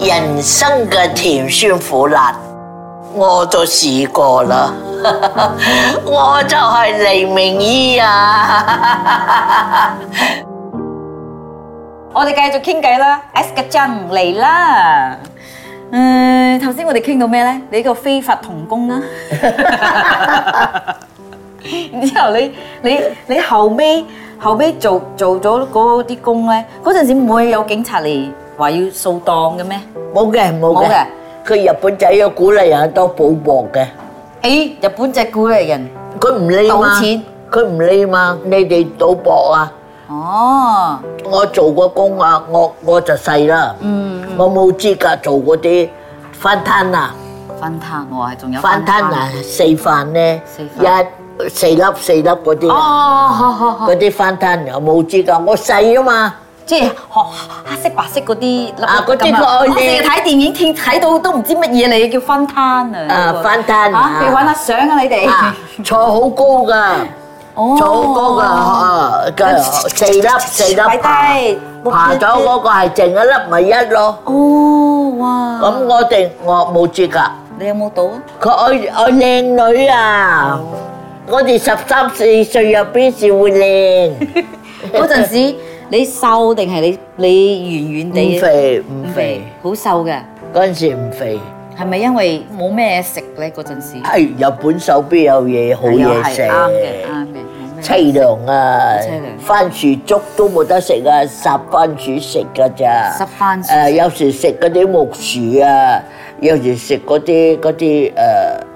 人生嘅甜酸苦辣，我就試過啦。 我就係黎明姨啊！ 我哋繼續傾偈啦，S 個章嚟啦。嗯，頭先我哋傾到咩咧？你個非法童工啦、啊。 然之後你你你後尾後尾做做咗嗰啲工咧，嗰陣時唔會有警察嚟？話要掃檔嘅咩？冇嘅，冇嘅。佢日本仔有鼓勵人多賭博嘅。誒，日本仔鼓勵人，佢唔理嘛？賭錢，佢唔理嘛？你哋賭博啊？哦，我做過工啊，我我就細啦。嗯，我冇資格做嗰啲翻攤啊。翻攤，我係仲有翻攤啊，四飯咧，一四粒四粒嗰啲。哦，好好好，嗰啲翻攤又冇資格，我細啊嘛。即係學黑色白色嗰啲咁，成日睇電影睇，睇到都唔知乜嘢嚟，叫分攤啊！啊分攤啊！你揾下相啊！你哋啊坐好高㗎，坐好高㗎啊！四粒四粒爬，爬咗嗰個係剩一粒咪一咯。哦哇！咁我哋我冇接㗎。你有冇到啊？佢我靚女啊！我哋十三四歲入邊時會靚嗰陣時。你瘦定係你你圓圓地肥？唔肥唔肥，好瘦嘅。嗰陣時唔肥，係咪因為冇咩食咧？嗰陣時係日本手邊有嘢，好嘢食，啱嘅啱嘅。淒涼啊！淒涼，番薯粥都冇得食啊，食番薯食噶咋？食番薯誒，有時食嗰啲木薯啊，有時食嗰啲嗰啲誒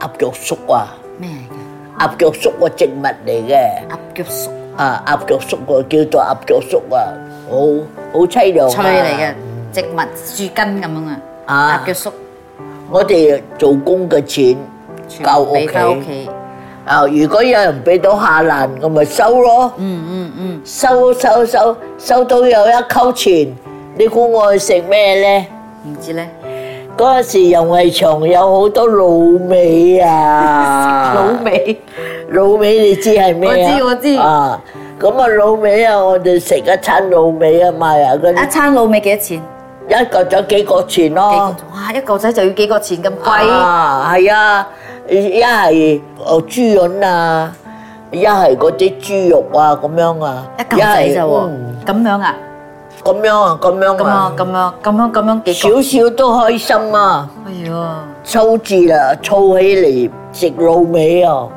鴨腳粟啊。咩嚟噶？鴨腳粟個植物嚟嘅。鴨腳粟。啊！鴨腳叔啊，叫做鴨腳叔啊，好好淒涼。菜嚟嘅植物樹根咁樣啊，鴨腳叔。我哋做工嘅錢交屋企。啊！如果有人俾到下欄，我咪收咯。嗯嗯嗯。收收收，收到有一溝錢，你估我去食咩咧？唔知咧。嗰陣時又係長有好多滷味啊！滷味。滷味你知係咩？ 我知我知啊！咁啊滷味啊，我哋食一餐滷味啊，咪啊啲一餐滷味幾多錢？一個仔幾個錢咯、啊？哇！一個仔就要幾個錢咁貴？貴啊，係啊，一係哦豬潤啊，一係嗰啲豬肉啊咁樣啊，一係塊是嗯咁樣啊，咁樣啊咁樣啊，咁啊咁啊咁樣咁、啊、樣，樣，樣幾少少都開心啊！哎呀呦，湊字啊，湊起嚟食滷味啊！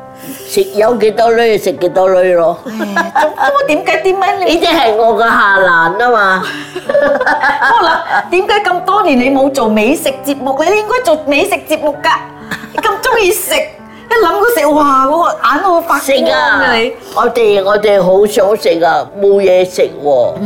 食有幾多女食幾多女咯？咁我點解點解你？呢啲係我個下欄啊嘛！我諗，點解咁多年你冇做美食節目咧？你應該做美食節目噶咁中意食，一諗到食哇，我個眼都會發射噶你。我哋我哋好想食啊，冇嘢食喎，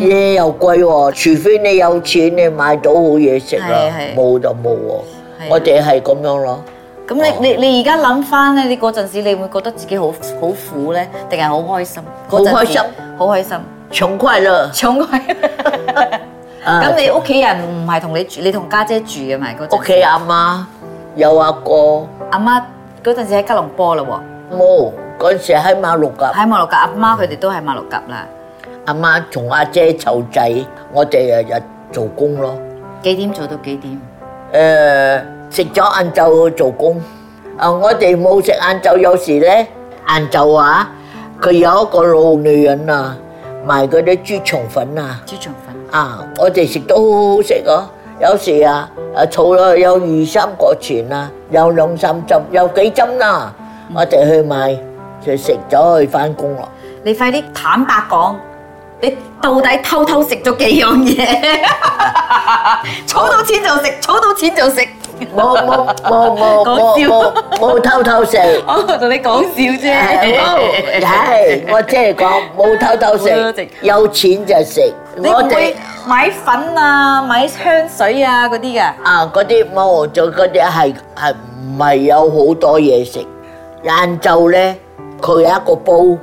嘢又貴，除非你有錢你買到好嘢食啦，冇就冇喎。我哋係咁樣咯。咁你你你而家諗翻咧，你嗰陣時你會覺得自己好好苦咧，定係好開心？好開心，好開心，重快樂，重快樂。咁、 啊、 你屋企人唔係同你住，你同家姐，姐住嘅咪嗰陣？屋企阿媽，媽有阿哥。阿媽嗰陣時喺吉隆坡啦喎。冇，嗰陣時喺馬六甲。喺馬六甲，阿媽佢哋都喺馬六甲啦。阿、嗯、媽同阿姐湊仔，我哋日日做工咯。幾點做到幾點？誒、呃。食咗晏晝去做工，啊！我哋冇食晏晝，有時咧晏晝啊，佢有一個老女人啊，賣嗰啲豬腸粉啊，豬腸粉啊，我哋食都好好食個，有時啊，啊儲咗有二三個錢啊，有兩三針，有幾針啦，我哋去買就食咗去翻工咯。你快啲坦白講，你到底偷偷食咗幾樣嘢？儲到錢就食，儲到錢就食。冇冇冇冇冇冇冇偷偷食，我同你講笑啫，係我即係講冇偷偷食，有錢就食。我哋買粉啊，買香水啊嗰啲嘅。啊，嗰啲冇，就嗰啲係係唔係有好多嘢食。晏晝咧，佢有一個煲，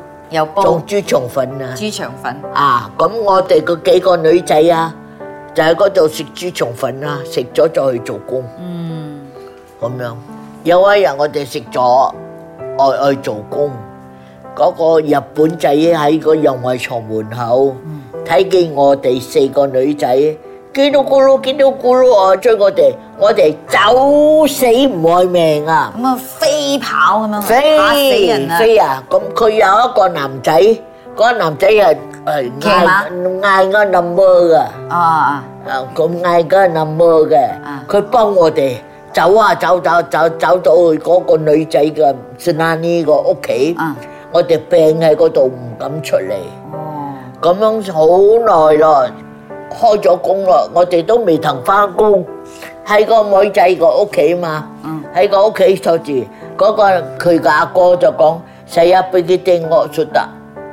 做豬腸粉啊。豬腸粉啊，咁我哋嗰幾個女仔啊，就喺嗰度食豬腸粉啦，食咗再去做工。嗯，咁樣有一日我哋食咗，愛愛做工，嗰、那個日本仔喺個遊藝場門口睇、嗯、見我哋四個女仔，見到咕嚕，見到咕嚕，我追我哋，我哋走死唔愛命啊！咁啊、嗯，飛跑咁樣，飛飛嚇死人啊！飛啊！咁佢有一個男仔，嗰、那個男仔係。嗌嗌個 number 噶，啊啊，咁嗌個 number 嘅，佢幫我哋走啊，走走走走到去嗰個女仔嘅孫阿妮個屋企，我哋病喺嗰度唔敢出嚟。咁樣好耐咯，開咗工咯，我哋都未曾翻工喺個女仔個屋企嘛，喺個屋企坐住，嗰個佢嘅阿哥就講，成日俾佢掟我出得。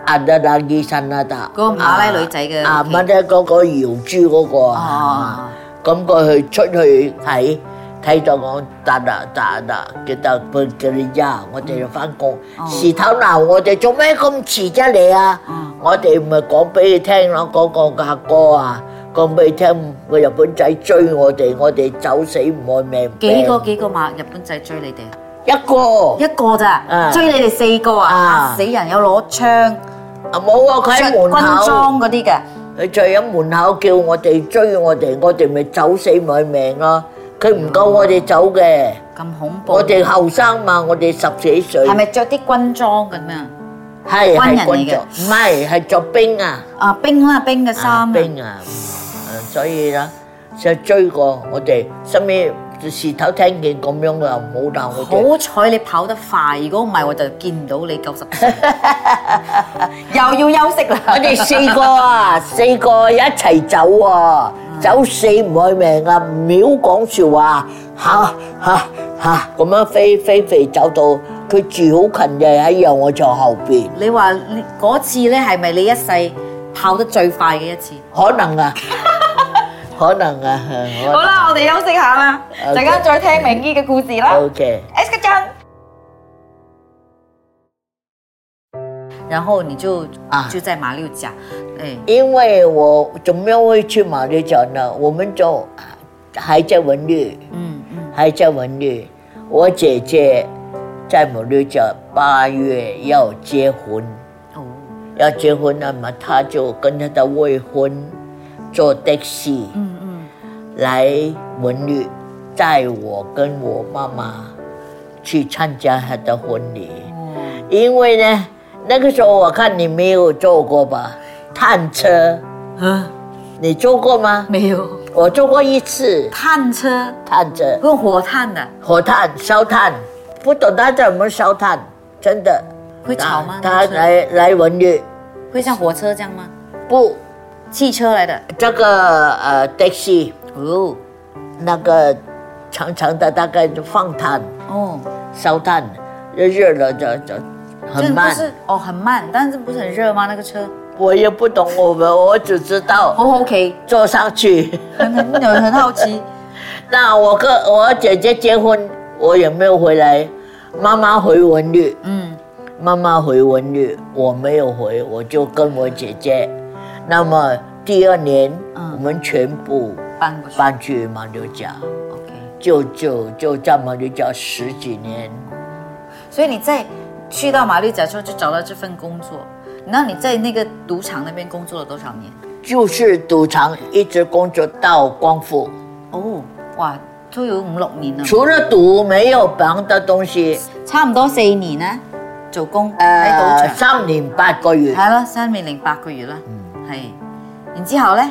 阿阿阿醫生啊！得嗰個馬拉女仔嘅啊！乜咧？嗰個搖珠嗰個啊！咁佢去出去睇睇到我答答答答，佢、嗯嗯、就佢叫你呀！我哋要返工，時頭鬧我哋做咩咁遲啫你啊、那個！我哋唔係講俾你聽咯，講個個阿哥啊，講俾你聽個日本仔追我哋，我哋走死唔愛命幾。幾個幾個馬日本仔追你哋？一個一個咋？啊、追你哋四個啊！嚇死人，有攞槍。啊冇啊！佢喺門口，着軍裝嗰啲嘅，佢聚喺門口叫我哋追我哋，我哋咪走死咪命咯！佢唔夠我哋走嘅，咁恐怖！我哋後生嘛，我哋十幾歲，係咪着啲軍裝咁啊？係軍人嚟嘅，唔係係着兵啊！啊兵啊，兵嘅衫。兵啊，所以啦，就追過我哋，身邊。時頭聽見咁樣啊，唔好鬧我，好彩你跑得快，如果唔係我就見唔到你九十， 又要休息啦。 我哋四個啊， 四個一齊走喎、啊， 走四唔會命啊，唔好講笑話、啊。嚇嚇嚇，咁、啊啊、樣飛飛飛走到佢 住好近嘅喺右我，我坐後邊。你話嗰次咧係咪你一世跑得最快嘅一次？可能啊。可能啊，能好啦，我哋休息下啦，陣間 Okay. 再聽明姨嘅故事啦。O K，誒，一陣，然後你就啊，就在馬六甲，嗯。因為我點樣會去馬六甲呢？我們就還在文律、嗯，嗯嗯，還在文律。我姐姐在馬六甲八月要結婚，哦、嗯，要結婚，那麼她就跟她的未婚坐的士。嗯。來文女帶我跟我媽媽去參加她的婚禮，因為呢，那個時候我看你沒有坐過吧？炭車，啊，你坐過嗎？沒有，我坐過一次炭車，炭車用火炭的，火炭燒炭，不懂他怎麼燒炭，真的會吵嗎？他來來文女，會像火車這樣嗎？不，汽車來的，這個呃的士。哦，那個長長的大概就放炭，哦，燒炭，熱熱了就就很慢，就是，哦，很慢，但是不是很熱嗎？那個車？我也不懂我們，我我我只知道 ，O Okay . K，坐上去，很很很很好奇。 那我跟我姐姐結婚，我也沒有回來？媽媽回文麗，嗯，媽媽回文麗，我沒有回，我就跟我姐姐。那麼第二年，我們全部、嗯。嗯搬去，搬去馬六甲，OK，就就就喺馬六甲十幾年，所以你在去到馬六甲之後就找到這份工作，那你在那個賭場那邊工作了多少年？就是賭場一直工作到光復，哦，oh, 哇，都有五六年了。除了賭，沒有別嘅東西。差唔多四年呢，做工喺賭、呃、場。三年八個月。係啦，三年零八個月啦。嗯，係。然之後呢。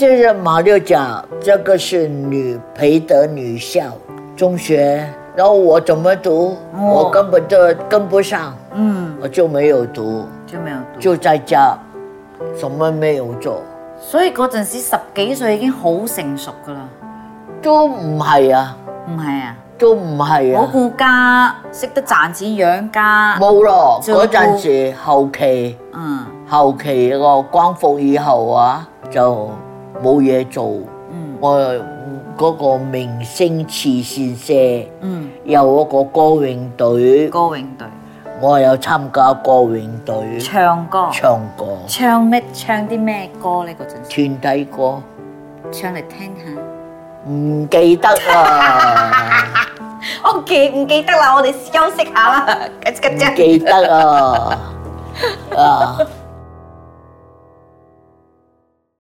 這是馬六甲，這個是女培德女校中學。然後我怎麼讀？哦，我根本就跟不上，嗯，我就沒有讀，就沒有讀，就在家，什麼沒有做。所以嗰陣時十幾歲已經好成熟噶啦，都唔係啊，唔係啊，都唔係啊，好顧家，識得賺錢養家，冇咯。嗰陣時後期，嗯，後期個光復以後啊，就。冇嘢做，嗯、我嗰、嗰個明星慈善社，嗯、有我個歌詠隊，歌詠隊，我有參加歌詠隊，唱歌，唱歌，唱咩？唱啲咩歌呢？嗰陣團體歌，唱嚟聽，聽下，唔記得啦、 okay。我記，唔記得啦，我哋休息下啦， 記得啊啊！